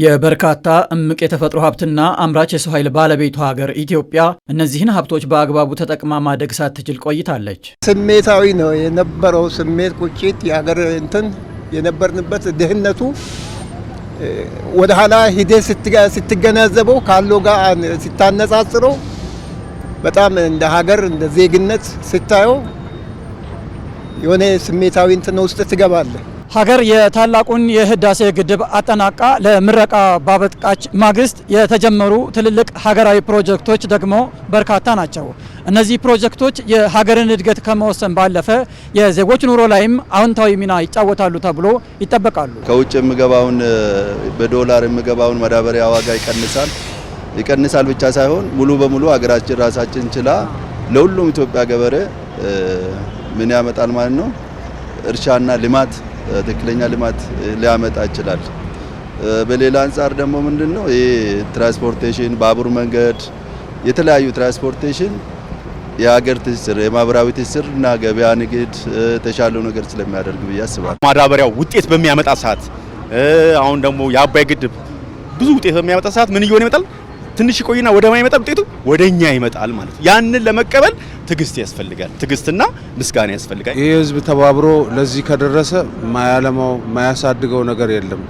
የበርካታ እምቅ የተፈጥሮ ሀብትና አምራች የሰው ኃይል ባለቤቱ ሀገር ኢትዮጵያ እነዚህን ሀብቶች በአግባቡ ተጠቅማ ማደግ ሳትችል ቆይታለች። ስሜታዊ ነው የነበረው ስሜት ቁጭት የሀገር እንትን የነበርንበት ድህነቱ ወደ ኋላ ሂደ ስትገነዘበው ካለው ጋር ስታነጻጽረው በጣም እንደ ሀገር እንደ ዜግነት ስታየው የሆነ ስሜታዊ እንትን ውስጥ ትገባለህ። ሀገር የታላቁን የህዳሴ ግድብ አጠናቃ ለምረቃ ባበቃች ማግስት የተጀመሩ ትልልቅ ሀገራዊ ፕሮጀክቶች ደግሞ በርካታ ናቸው። እነዚህ ፕሮጀክቶች የሀገርን እድገት ከመወሰን ባለፈ የዜጎች ኑሮ ላይም አዎንታዊ ሚና ይጫወታሉ ተብሎ ይጠበቃሉ። ከውጭ የምገባውን በዶላር የምገባውን ማዳበሪያ ዋጋ ይቀንሳል። ይቀንሳል ብቻ ሳይሆን ሙሉ በሙሉ ሀገራችን ራሳችን ችላ ለሁሉም ኢትዮጵያ ገበሬ ምን ያመጣል ማለት ነው እርሻና ልማት ትክክለኛ ልማት ሊያመጣ ይችላል። በሌላ አንጻር ደግሞ ምንድን ነው ይህ ትራንስፖርቴሽን ባቡር መንገድ፣ የተለያዩ ትራንስፖርቴሽን የሀገር ትስስር የማህበራዊ ትስስር እና ገበያ ንግድ የተሻለው ነገር ስለሚያደርግ ብዬ አስባለሁ። ማዳበሪያው ውጤት በሚያመጣ ሰዓት አሁን ደግሞ የአባይ ግድብ ብዙ ውጤት በሚያመጣ ሰዓት ምን እየሆነ ይመጣል? ትንሽ ቆይና ወደ ማን ውጤቱ? ወደ እኛ ይመጣል ማለት ነው። ያንን ለመቀበል ትግስት ያስፈልጋል። ትግስትና ምስጋና ያስፈልጋል። ይህ ህዝብ ተባብሮ ለዚህ ከደረሰ ማያለማው ማያሳድገው ነገር የለም።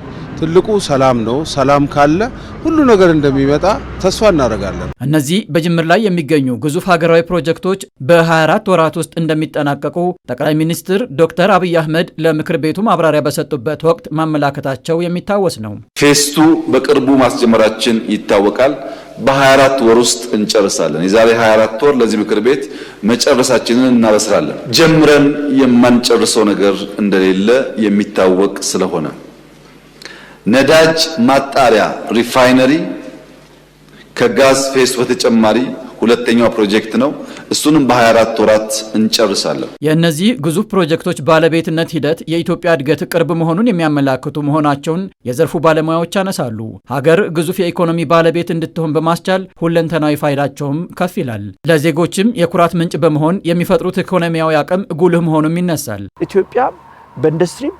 ትልቁ ሰላም ነው። ሰላም ካለ ሁሉ ነገር እንደሚመጣ ተስፋ እናደርጋለን። እነዚህ በጅምር ላይ የሚገኙ ግዙፍ ሀገራዊ ፕሮጀክቶች በ24 ወራት ውስጥ እንደሚጠናቀቁ ጠቅላይ ሚኒስትር ዶክተር አብይ አህመድ ለምክር ቤቱ ማብራሪያ በሰጡበት ወቅት ማመላከታቸው የሚታወስ ነው። ፌስቱ በቅርቡ ማስጀመራችን ይታወቃል። በ24 ወር ውስጥ እንጨርሳለን። የዛሬ 24 ወር ለዚህ ምክር ቤት መጨረሳችንን እናበስራለን። ጀምረን የማንጨርሰው ነገር እንደሌለ የሚታወቅ ስለሆነ ነዳጅ ማጣሪያ ሪፋይነሪ ከጋዝ ፌስ በተጨማሪ ሁለተኛው ፕሮጀክት ነው። እሱንም በ24 ወራት እንጨርሳለን። የእነዚህ ግዙፍ ፕሮጀክቶች ባለቤትነት ሂደት የኢትዮጵያ እድገት ቅርብ መሆኑን የሚያመላክቱ መሆናቸውን የዘርፉ ባለሙያዎች ያነሳሉ። ሀገር ግዙፍ የኢኮኖሚ ባለቤት እንድትሆን በማስቻል ሁለንተናዊ ፋይዳቸውም ከፍ ይላል። ለዜጎችም የኩራት ምንጭ በመሆን የሚፈጥሩት ኢኮኖሚያዊ አቅም ጉልህ መሆኑም ይነሳል። ኢትዮጵያ በኢንዱስትሪም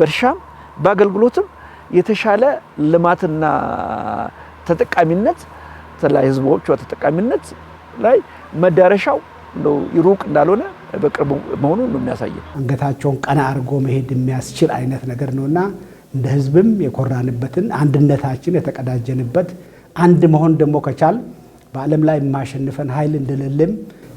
በእርሻም በአገልግሎትም የተሻለ ልማትና ተጠቃሚነት ተላይ ህዝቦቿ ተጠቃሚነት ላይ መዳረሻው ሩቅ እንዳልሆነ በቅርቡ መሆኑን ነው የሚያሳየን። አንገታቸውን ቀና አድርጎ መሄድ የሚያስችል አይነት ነገር ነውና እንደ ህዝብም የኮራንበትን አንድነታችን የተቀዳጀንበት አንድ መሆን ደግሞ ከቻል በዓለም ላይ የማሸንፈን ኃይል እንደሌለም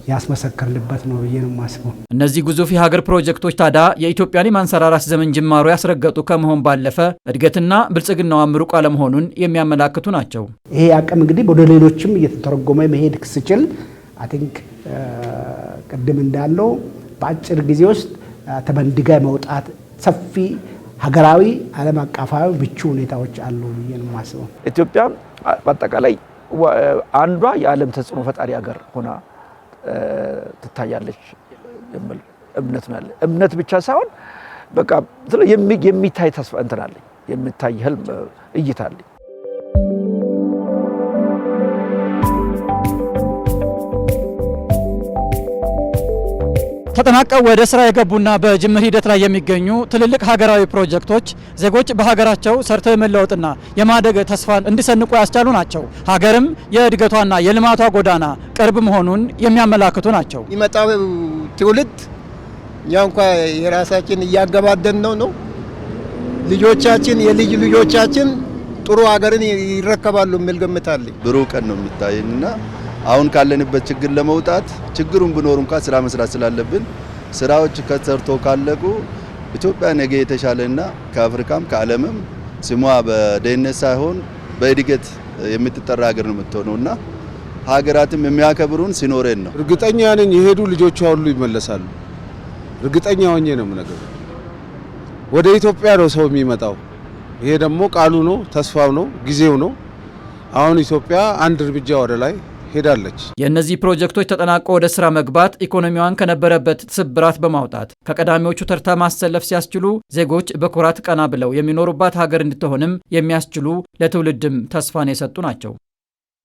ያስመሰከርንበት ነው ብዬ ነው የማስበው። እነዚህ ግዙፍ የሀገር ፕሮጀክቶች ታዲያ የኢትዮጵያን የማንሰራራት ዘመን ጅማሮ ያስረገጡ ከመሆን ባለፈ እድገትና ብልጽግናዋ ምሩቅ አለመሆኑን የሚያመላክቱ ናቸው። ይሄ አቅም እንግዲህ ወደ ሌሎችም እየተተረጎመ መሄድ ስችል አይ uh, ቅድም እንዳለው በአጭር ጊዜ ውስጥ uh, ተበንድጋ መውጣት ሰፊ ሀገራዊ ዓለም አቀፋዊ ብቹ ሁኔታዎች አሉ ብዬ ነው የማስበው። ኢትዮጵያ በአጠቃላይ uh, አንዷ የዓለም ተጽዕኖ ፈጣሪ ሀገር ሆና ትታያለች የምል እምነት ነው ያለ። እምነት ብቻ ሳይሆን በቃ የሚታይ ተስፋ እንትን አለኝ፣ የሚታይ ህልም እይታ አለኝ። ተጠናቀው ወደ ስራ የገቡና በጅምር ሂደት ላይ የሚገኙ ትልልቅ ሀገራዊ ፕሮጀክቶች ዜጎች በሀገራቸው ሰርተው የመለወጥና የማደግ ተስፋን እንዲሰንቁ ያስቻሉ ናቸው። ሀገርም የእድገቷና የልማቷ ጎዳና ቅርብ መሆኑን የሚያመላክቱ ናቸው። የሚመጣው ትውልድ እኛ እንኳ የራሳችን እያገባደን ነው ነው ልጆቻችን የልጅ ልጆቻችን ጥሩ ሀገርን ይረከባሉ የሚል ገምታለኝ። ብሩህ ቀን ነው የሚታየንና አሁን ካለንበት ችግር ለመውጣት ችግሩን ብኖር እንኳን ስራ መስራት ስላለብን ስራዎች ከተሰርቶ ካለቁ ኢትዮጵያ ነገ የተሻለና ከአፍሪካም ከዓለምም ስሟ በደህንነት ሳይሆን በእድገት የምትጠራ ሀገር ነው የምትሆነውና ሀገራትም የሚያከብሩን ሲኖረን ነው። እርግጠኛ ነኝ የሄዱ ልጆቿ ሁሉ ይመለሳሉ። እርግጠኛ ሆኜ ነው የምነገር። ወደ ኢትዮጵያ ነው ሰው የሚመጣው። ይሄ ደግሞ ቃሉ ነው፣ ተስፋው ነው፣ ጊዜው ነው። አሁን ኢትዮጵያ አንድ እርምጃ ወደ ላይ ሄዳለች። የእነዚህ ፕሮጀክቶች ተጠናቆ ወደ ስራ መግባት ኢኮኖሚዋን ከነበረበት ስብራት በማውጣት ከቀዳሚዎቹ ተርታ ማሰለፍ ሲያስችሉ ዜጎች በኩራት ቀና ብለው የሚኖሩባት ሀገር እንድትሆንም የሚያስችሉ ለትውልድም ተስፋን የሰጡ ናቸው።